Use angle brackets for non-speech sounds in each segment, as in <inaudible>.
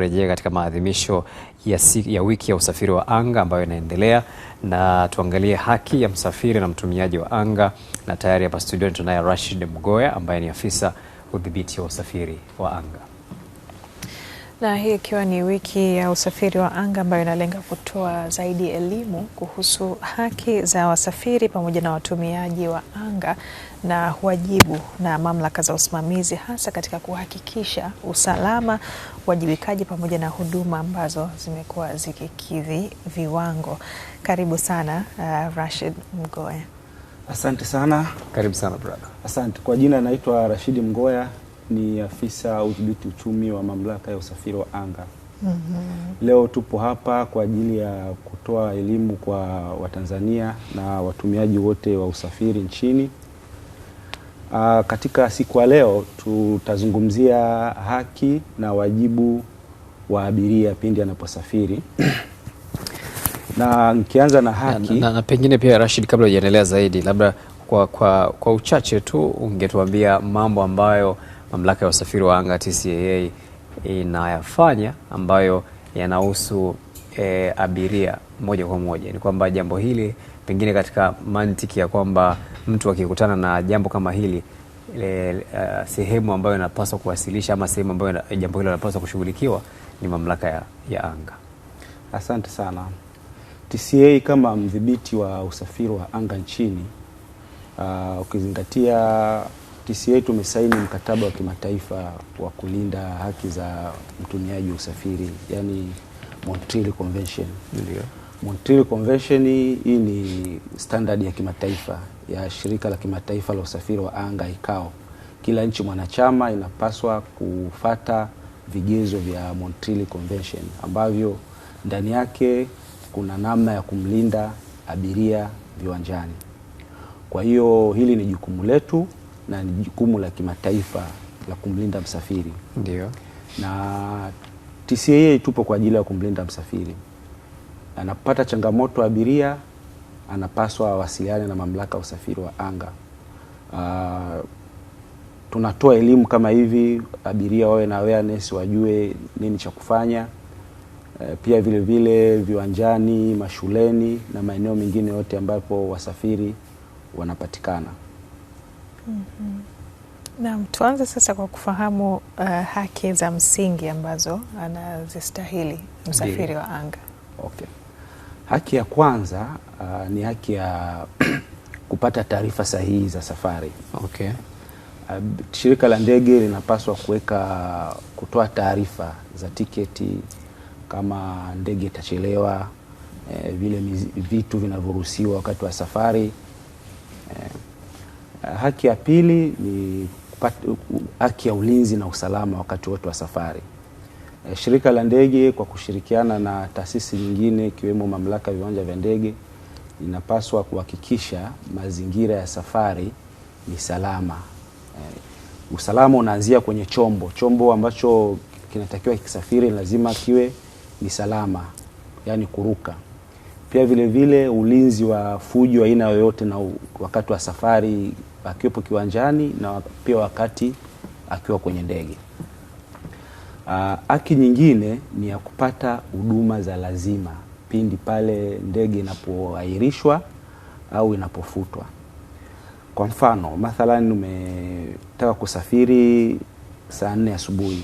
Rejea katika maadhimisho ya, si, ya wiki ya usafiri wa anga ambayo inaendelea, na tuangalie haki ya msafiri na mtumiaji wa anga, na tayari hapa studioni tunaye Rashid Mgoya ambaye ni afisa udhibiti wa usafiri wa anga, na hii ikiwa ni wiki ya usafiri wa anga ambayo inalenga kutoa zaidi elimu kuhusu haki za wasafiri pamoja na watumiaji wa anga na wajibu na mamlaka za usimamizi hasa katika kuhakikisha usalama, uwajibikaji pamoja na huduma ambazo zimekuwa zikikidhi viwango. Karibu sana uh, Rashid Mgoya. Asante sana. Karibu sana brother. Asante. Kwa jina naitwa rashidi Mgoya, ni afisa udhibiti uchumi wa mamlaka ya usafiri wa anga. Mm -hmm. Leo tupo hapa kwa ajili ya kutoa elimu kwa Watanzania na watumiaji wote wa usafiri nchini Uh, katika siku ya leo tutazungumzia haki na wajibu wa abiria pindi anaposafiri <clears throat> na nikianza na haki na, na, na pengine pia Rashid, kabla hujaendelea zaidi, labda kwa, kwa, kwa uchache tu ungetuambia mambo ambayo mamlaka ya usafiri wa anga TCAA inayafanya ambayo yanahusu e, abiria moja kwa moja. Ni kwamba jambo hili pengine katika mantiki ya kwamba mtu akikutana na jambo kama hili le, uh, eh, sehemu ambayo inapaswa kuwasilisha ama sehemu ambayo jambo hilo linapaswa kushughulikiwa ni mamlaka ya, ya anga. Asante sana. TCA kama mdhibiti wa usafiri wa anga nchini, uh, ukizingatia TCA tumesaini mkataba wa kimataifa wa kulinda haki za mtumiaji wa usafiri, yani Montreal Convention. Ndio. Montreal Convention hii ni standard ya kimataifa ya shirika la kimataifa la usafiri wa anga ICAO. Kila nchi mwanachama inapaswa kufata vigezo vya Montreal Convention ambavyo ndani yake kuna namna ya kumlinda abiria viwanjani. Kwa hiyo hili ni jukumu letu na ni jukumu la kimataifa la kumlinda msafiri. Ndiyo. Na TCAA tupo kwa ajili ya kumlinda msafiri. Anapata changamoto abiria anapaswa awasiliane na mamlaka ya usafiri wa anga. Uh, tunatoa elimu kama hivi, abiria wawe na awareness, wajue nini cha kufanya. Uh, pia vile vile viwanjani, mashuleni na maeneo mengine yote ambapo wasafiri wanapatikana. mm -hmm. tuanze sasa kwa kufahamu uh, haki za msingi ambazo anazistahili msafiri wa anga. Okay. Haki ya kwanza uh, ni haki ya <clears throat> kupata taarifa sahihi za safari. Okay. Uh, shirika la ndege linapaswa kuweka kutoa taarifa za tiketi, kama ndege itachelewa, eh, vile vitu vinavyoruhusiwa wakati wa safari eh. Haki ya pili ni haki ya ulinzi na usalama wakati wote wa safari. Eh, shirika la ndege kwa kushirikiana na taasisi nyingine ikiwemo mamlaka ya viwanja vya ndege inapaswa kuhakikisha mazingira ya safari ni salama. Eh, usalama unaanzia kwenye chombo. Chombo ambacho kinatakiwa kisafiri lazima kiwe ni salama, yani kuruka. Pia vile vile ulinzi wa fujo aina yoyote, na wakati wa safari akiwepo kiwanjani na pia wakati akiwa kwenye ndege. Ah, haki uh, nyingine ni ya kupata huduma za lazima pindi pale ndege inapoahirishwa au inapofutwa. Kwa mfano, mathalan umetaka kusafiri saa nne asubuhi,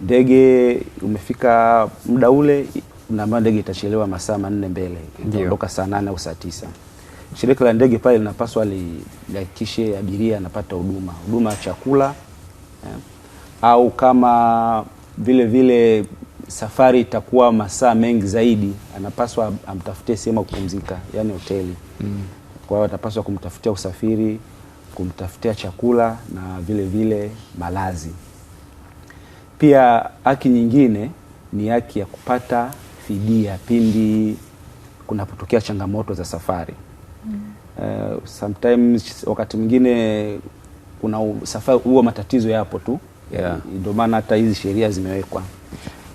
ndege umefika muda ule, naambiwa ndege itachelewa masaa manne mbele, itaondoka saa nane au saa tisa. Shirika la ndege pale linapaswa lihakikishe abiria anapata huduma huduma ya chakula eh, au kama vile vile safari itakuwa masaa mengi zaidi, anapaswa amtafutie sehemu ya kupumzika, yani hoteli mm. Kwa hiyo atapaswa kumtafutia usafiri, kumtafutia chakula na vile vile malazi. Pia haki nyingine ni haki ya kupata fidia pindi kunapotokea changamoto za safari mm. Uh, sometimes wakati mwingine kuna safari huwa matatizo yapo tu yeah. Ndio maana hata hizi sheria zimewekwa,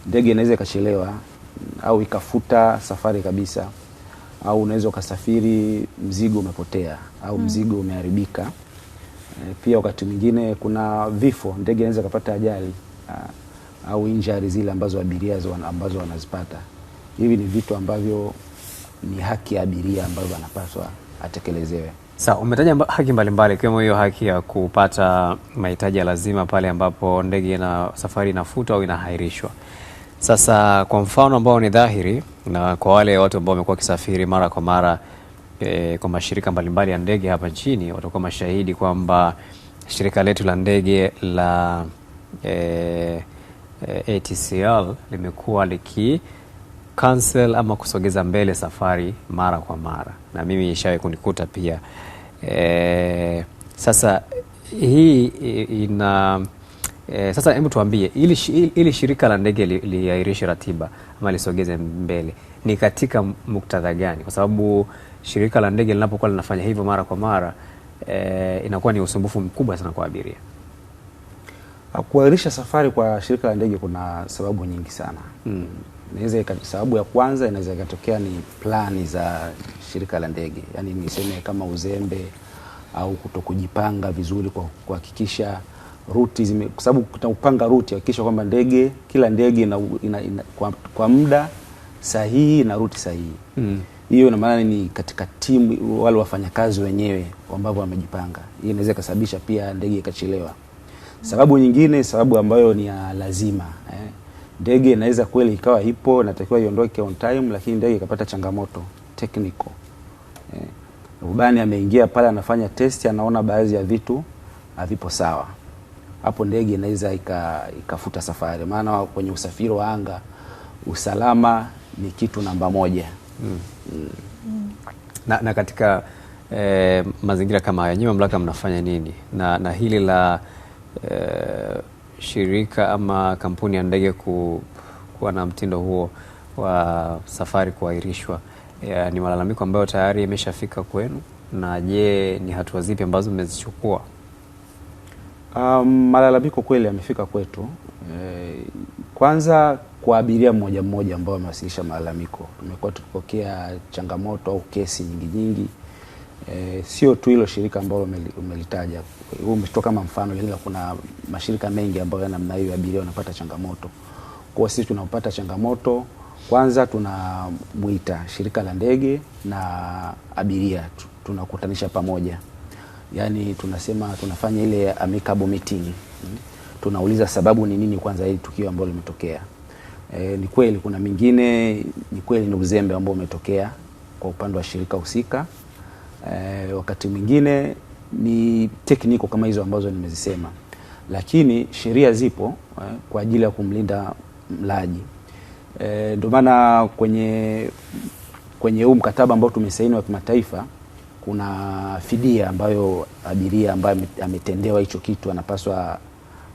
ndege inaweza ikachelewa au ikafuta safari kabisa, au unaweza ukasafiri mzigo umepotea au hmm. mzigo umeharibika. E, pia wakati mwingine kuna vifo, ndege inaweza ikapata ajali ah, au injari zile ambazo abiria ambazo wanazipata. Hivi ni vitu ambavyo ni haki ya abiria ambavyo anapaswa atekelezewe. Sawa, umetaja mba, haki mbalimbali ikiwemo mbali, hiyo haki ya kupata mahitaji ya lazima pale ambapo ndege na safari inafutwa au inahairishwa. Sasa kwa mfano ambao ni dhahiri na kwa wale watu ambao wamekuwa wakisafiri mara kwa mara e, kwa mashirika mbalimbali ya ndege hapa nchini watakuwa mashahidi kwamba shirika letu la ndege la e, e, ATCL limekuwa liki cancel ama kusogeza mbele safari mara kwa mara, na mimi ishawahi kunikuta pia. E, sasa hii ina e, sasa hebu tuambie ili, ili shirika la ndege liairishe li ratiba ama lisogeze mbele ni katika muktadha gani? Kwa sababu shirika la ndege linapokuwa linafanya hivyo mara kwa mara e, inakuwa ni usumbufu mkubwa sana kwa abiria. Kuairisha safari kwa shirika la ndege kuna sababu nyingi sana mm inaweza sababu ya kwanza inaweza ikatokea ni plani za shirika la ndege, yaani niseme kama uzembe au kutokujipanga vizuri kwa kuhakikisha ruti zime, kwa sababu kutapanga ruti hakikisha kwamba ndege kila ndege ina, ina, ina, kwa, kwa muda sahihi na ruti sahihi mm. Hiyo ina maana ni katika timu wale wafanyakazi wenyewe ambao wamejipanga. Hii inaweza ikasababisha pia ndege ikachelewa. Sababu nyingine, sababu ambayo ni ya lazima eh ndege inaweza kweli ikawa ipo natakiwa iondoke on time, lakini ndege ikapata changamoto technical eh. Rubani ameingia pale anafanya test, anaona baadhi ya vitu havipo sawa, hapo ndege inaweza ikafuta safari, maana kwenye usafiri wa anga usalama ni kitu namba moja mm. Mm. Na, na katika eh, mazingira kama haya, nyinyi mamlaka mnafanya nini na, na hili la eh, shirika ama kampuni ya ndege ku, kuwa na mtindo huo wa safari kuahirishwa ya, ni malalamiko ambayo tayari imeshafika kwenu, na je, ni hatua zipi ambazo mmezichukua? Um, malalamiko kweli yamefika kwetu. E, kwanza kwa abiria mmoja mmoja ambao wamewasilisha malalamiko, tumekuwa tukipokea changamoto au kesi nyingi nyingi E, sio tu hilo shirika ambalo umelitaja huu umetoa kama mfano, lakini kuna mashirika mengi ambayo ya namna hiyo abiria wanapata changamoto. Kwa hiyo sisi tunapata changamoto, kwanza tunamwita shirika la ndege na abiria tunakutanisha pamoja, yaani tunasema tunafanya ile amicable meeting, tunauliza sababu ni nini kwanza hili tukio ambalo limetokea. E, ni kweli kuna mingine, ni kweli ni uzembe ambao umetokea kwa upande wa shirika husika eh, wakati mwingine ni tekniko kama hizo ambazo nimezisema, lakini sheria zipo eh, kwa ajili ya kumlinda mlaji eh, ndio maana kwenye kwenye huu mkataba ambao tumesaini wa kimataifa kuna fidia ambayo abiria ambaye ametendewa hicho kitu anapaswa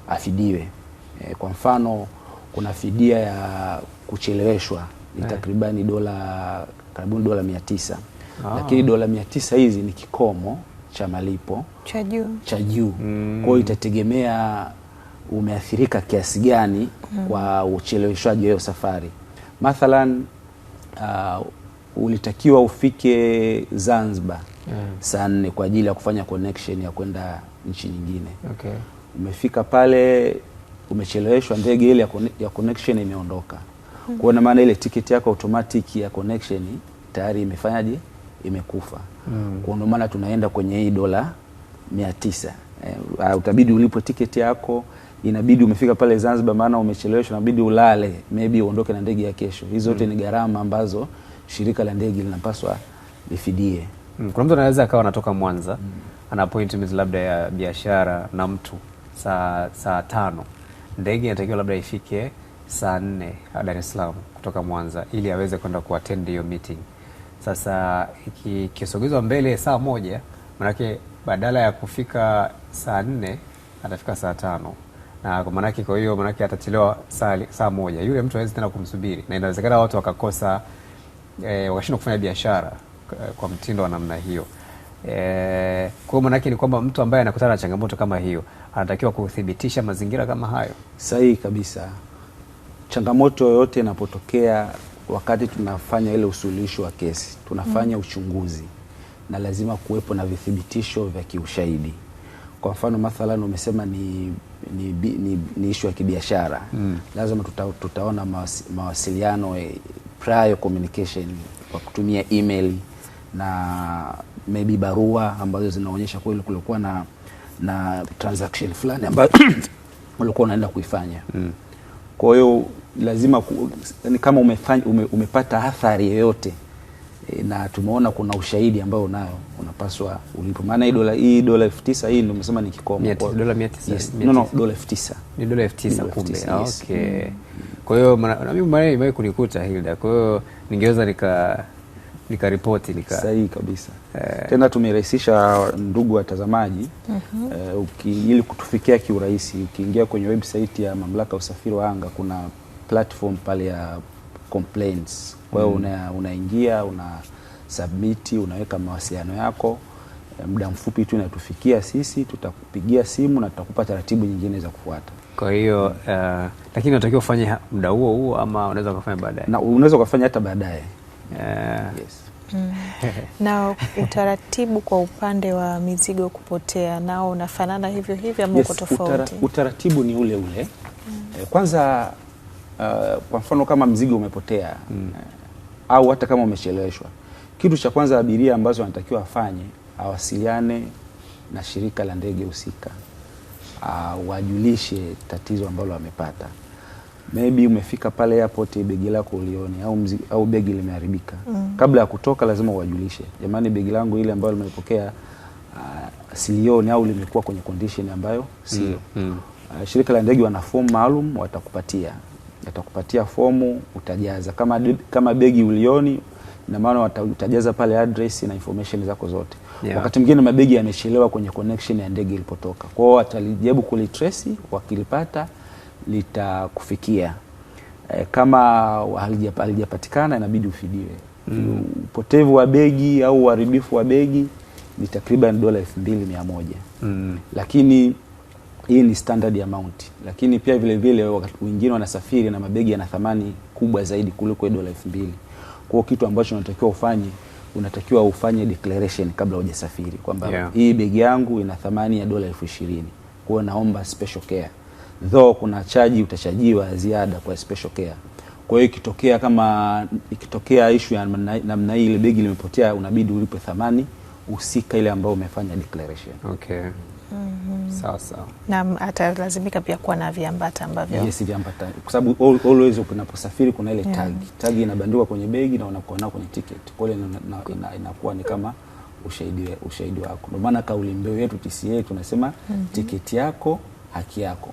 afidiwe. E, kwa mfano kuna fidia ya kucheleweshwa ni eh. takribani dola karibuni dola mia tisa ah. Lakini dola mia tisa hizi ni kikomo cha malipo cha juu cha juu mm. Kwa hiyo itategemea umeathirika kiasi gani mm. kwa ucheleweshwaji wa safari. Mathalan uh, ulitakiwa ufike Zanzibar mm. saa nne kwa ajili ya kufanya connection ya kwenda nchi nyingine okay. Umefika pale umecheleweshwa, ndege ile ya connection imeondoka mm. Kwa maana ile tiketi yako automatic ya connection tayari imefanyaje? imekufa mm. Kwa ndio maana tunaenda kwenye hii dola mia tisa e, utabidi ulipo tiketi yako, inabidi umefika pale Zanzibar, maana umecheleweshwa, inabidi ulale, maybe uondoke na ndege ya kesho. Hizo zote mm. ni gharama ambazo shirika la ndege linapaswa lifidie. Mm. Kuna mtu anaweza akawa anatoka Mwanza mm. ana appointment labda ya biashara na mtu saa saa tano, ndege inatakiwa labda ifike saa nne ah, Dar es Salaam kutoka Mwanza ili aweze kwenda kuattend hiyo meeting. Sasa ikisogezwa mbele saa moja, manake badala ya kufika saa nne atafika saa tano na manake, kwa hiyo manake atachelewa saa, saa moja. Yule mtu hawezi tena kumsubiri, na inawezekana watu wakakosa e, wakashindwa kufanya biashara eh, kwa mtindo wa namna hiyo e, kwa hiyo ni kwamba mtu ambaye anakutana na changamoto kama hiyo anatakiwa kuthibitisha mazingira kama hayo. Sahihi kabisa. Changamoto yoyote inapotokea wakati tunafanya ile usuluhisho wa kesi tunafanya mm. uchunguzi na lazima kuwepo na vithibitisho vya kiushahidi. Kwa mfano mathalan, umesema ni, ni, ni, ni ishu ya kibiashara mm. lazima tuta, tutaona mawasiliano eh, prior communication kwa kutumia email na maybe barua ambazo zinaonyesha kweli kulikuwa na, na transaction fulani ambayo <coughs> ulikuwa unaenda kuifanya mm. Kwa hiyo lazima ku, yani kama umefanya, ume, umepata athari yoyote e, na tumeona kuna ushahidi ambao unayo unapaswa ulipo, maana hii dola hii dola elfu tisa hii ndio umesema ni kikomo kwa dola mia tisa yes. no, no, dola elfu tisa ni dola elfu tisa kumbe yes. okay. mm. kwa hiyo na mimi mara kunikuta Hilda, kwa hiyo ningeweza nika nikaripoti nika... sahihi kabisa eh. Tena tumerahisisha ndugu watazamaji uh -huh. uh, ili kutufikia kiurahisi, ukiingia kwenye website ya Mamlaka ya Usafiri wa Anga kuna platform pale ya complaints. Kwa hiyo mm. una, unaingia una submit unaweka mawasiliano yako, eh, muda mfupi tu inatufikia sisi, tutakupigia simu na tutakupa taratibu nyingine za kufuata. Kwa hiyo uh, lakini unatakiwa ufanye muda huo huo ama unaweza ukafanya baadaye? Na unaweza ukafanya hata baadaye yeah. Yes. Mm. Na utaratibu kwa upande wa mizigo kupotea nao unafanana hivyo hivyo ama uko tofauti? Utaratibu ni ule ule. Mm. Eh, kwanza uh, kwa mfano kama mzigo umepotea mm. Eh, au hata kama umecheleweshwa, kitu cha kwanza abiria ambazo anatakiwa afanye awasiliane na shirika la ndege husika, uh, wajulishe tatizo ambalo wamepata maybe umefika pale airport begi lako ulioni au, mzi, au begi limeharibika mm. Kabla ya kutoka lazima uwajulishe, jamani, begi langu ile ambayo limepokea uh, silioni au limekuwa kwenye condition ambayo sio mm. mm. Uh, shirika la ndege wana fomu maalum watakupatia, watakupatia fomu utajaza kama, mm. kama begi ulioni na maana utajaza pale address na information zako zote yeah. Wakati mwingine mabegi yamechelewa kwenye connection ya ndege ilipotoka, kwao hiyo kulitrace wakilipata litakufikia e, kama halijapatikana inabidi ufidiwe. Mm. Upotevu wa begi au uharibifu wa begi ni takriban dola elfu mbili mia moja. Mm. Lakini hii ni standard amount, lakini pia vile vile wakati wengine wanasafiri na mabegi yana thamani kubwa zaidi kuliko dola elfu mbili. kwao kitu ambacho unatakiwa ufanye unatakiwa ufanye declaration kabla hujasafiri kwamba yeah, hii begi yangu ina thamani ya dola elfu ishirini kwao naomba special care though kuna chaji utachajiwa ziada kwa special care. Kwa hiyo ikitokea kama ikitokea issue ya namna hii, ile begi limepotea, unabidi ulipe thamani husika ile ambayo umefanya declaration. Okay. Mm -hmm. Sawa sawa. Na atalazimika pia kuwa na viambata ambavyo. Yes, viambata. Kwa sababu always unaposafiri kuna ile tag. yeah, tag. inabandikwa kwenye begi na unakuwa nayo kwenye ticket. Kwa hiyo inakuwa ina, ina, ni kama ushahidi ushahidi wako. Ndio maana kauli mbiu yetu TCA tunasema mm -hmm. tiketi yako haki yako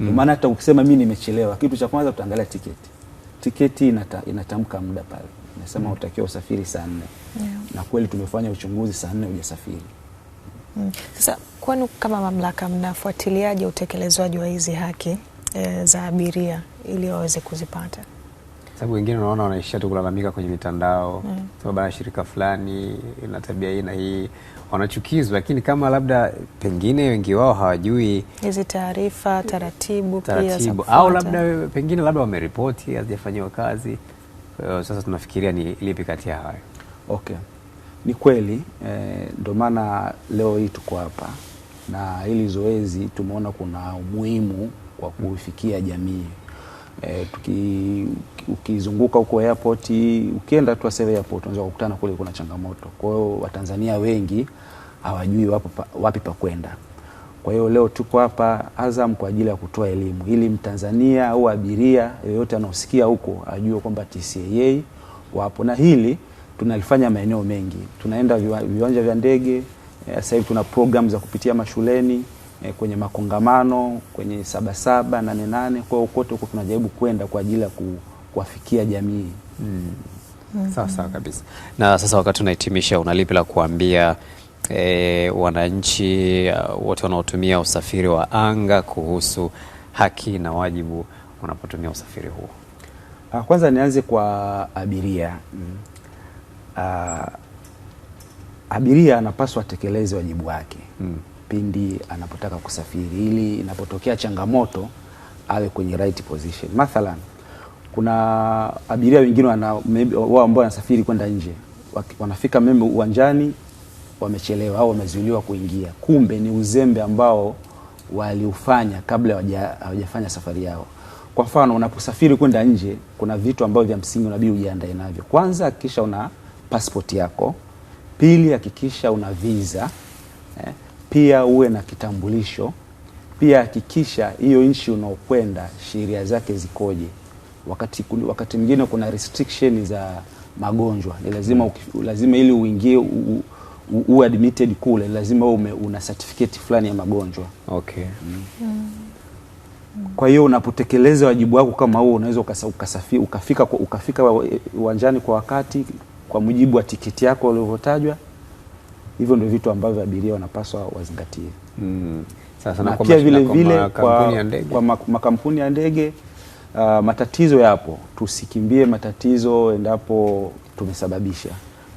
mm. maana hata ukisema mi nimechelewa, kitu cha kwanza utaangalia tiketi. Tiketi inata, inatamka muda pale, nasema mm. utakiwa usafiri saa nne yeah. na kweli tumefanya uchunguzi saa nne ujasafiri mm. Sasa kwanu kama mamlaka mnafuatiliaje utekelezwaji wa hizi haki e, za abiria ili waweze kuzipata? sababu wengine unaona wanaishia tu kulalamika kwenye mitandao mm. sababu ya shirika fulani ina tabia hii na hii, wanachukizwa. Lakini kama labda pengine wengi wao hawajui hizi taarifa, taratibu, taratibu pia au labda pengine labda wameripoti hazijafanyiwa kazi. Uh, sasa tunafikiria ni lipi kati ya hayo. Okay, ni kweli ndo eh, maana leo hii tuko hapa na hili zoezi tumeona kuna umuhimu wa kuifikia jamii E, tuki, ukizunguka huko airport ukienda tu Aseve airport unaweza kukutana kule kuna changamoto. Kwa hiyo Watanzania wengi hawajui wapi pa, wapi pa kwenda. Kwa hiyo leo tuko hapa Azam kwa ajili ya kutoa elimu ili Mtanzania au abiria yeyote anaosikia huko ajue kwamba TCAA wapo, na hili tunalifanya maeneo mengi, tunaenda viwanja vya ndege. Eh, sasa hivi tuna programu za kupitia mashuleni e, kwenye makongamano, kwenye sabasaba, nane nane. Kwa hiyo kote huko tunajaribu kwenda kwa ajili ya kuwafikia jamii mm. Mm -hmm. Sawa sawa kabisa. Na sasa wakati unahitimisha, una lipi la kuambia e, wananchi uh, wote wanaotumia usafiri wa anga kuhusu haki na wajibu wanapotumia usafiri huo? Ah, kwanza nianze kwa abiria mm. Uh, abiria anapaswa atekeleze wajibu wake mm pindi anapotaka kusafiri, ili inapotokea changamoto awe kwenye right position. Mathalan, kuna abiria wengine wao ambao wanasafiri kwenda nje, wanafika meme uwanjani wamechelewa au wamezuiliwa kuingia, kumbe ni uzembe ambao waliufanya kabla hawajafanya safari yao. Kwa mfano, unaposafiri kwenda nje, kuna vitu ambavyo vya msingi unabidi ujiandae navyo. Kwanza hakikisha una passport yako, pili hakikisha una visa eh pia uwe na kitambulisho, pia hakikisha hiyo nchi unaokwenda sheria zake zikoje. Wakati, wakati mwingine kuna restriction za magonjwa ni lazima, lazima ili uingie uwe admitted kule lazima ume, una certificate fulani ya magonjwa okay. mm. Mm. Kwa hiyo unapotekeleza wajibu wako kama huo unaweza ukasafi, ukafika, ukafika uwanjani kwa wakati kwa mujibu wa tiketi yako ulivyotajwa. Hivyo ndio vitu ambavyo abiria wanapaswa wazingatie. Mm. Sasa na pia vile vile kwa makampuni ya ndege uh, matatizo yapo, tusikimbie matatizo endapo tumesababisha.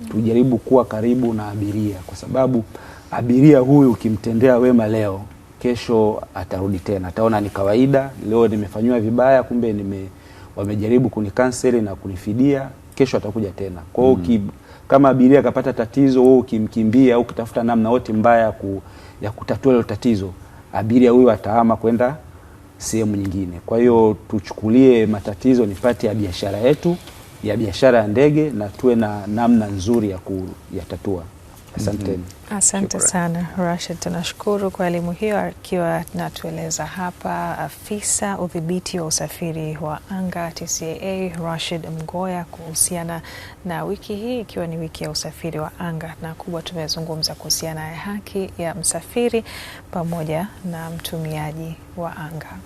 Mm. Tujaribu kuwa karibu na abiria, kwa sababu abiria huyu ukimtendea wema leo, kesho atarudi tena, ataona ni kawaida. Leo nimefanyiwa vibaya, kumbe nime wamejaribu kunikanseli na kunifidia, kesho atakuja tena. Kwa hiyo mm kama abiria akapata tatizo, wewe ukimkimbia au ukitafuta namna yote mbaya ya, ku, ya kutatua hilo tatizo, abiria huyo atahama kwenda sehemu nyingine. Kwa hiyo tuchukulie matatizo ni pati ya biashara yetu ya biashara ya ndege, na tuwe na namna nzuri ya kuyatatua. Asante. Mm -hmm. Asante sana Rashid, tunashukuru kwa elimu hiyo, akiwa natueleza hapa afisa udhibiti wa usafiri wa anga TCAA Rashid Mgoya kuhusiana na wiki hii ikiwa ni wiki ya usafiri wa anga, na kubwa tumezungumza kuhusiana na haki ya msafiri pamoja na mtumiaji wa anga.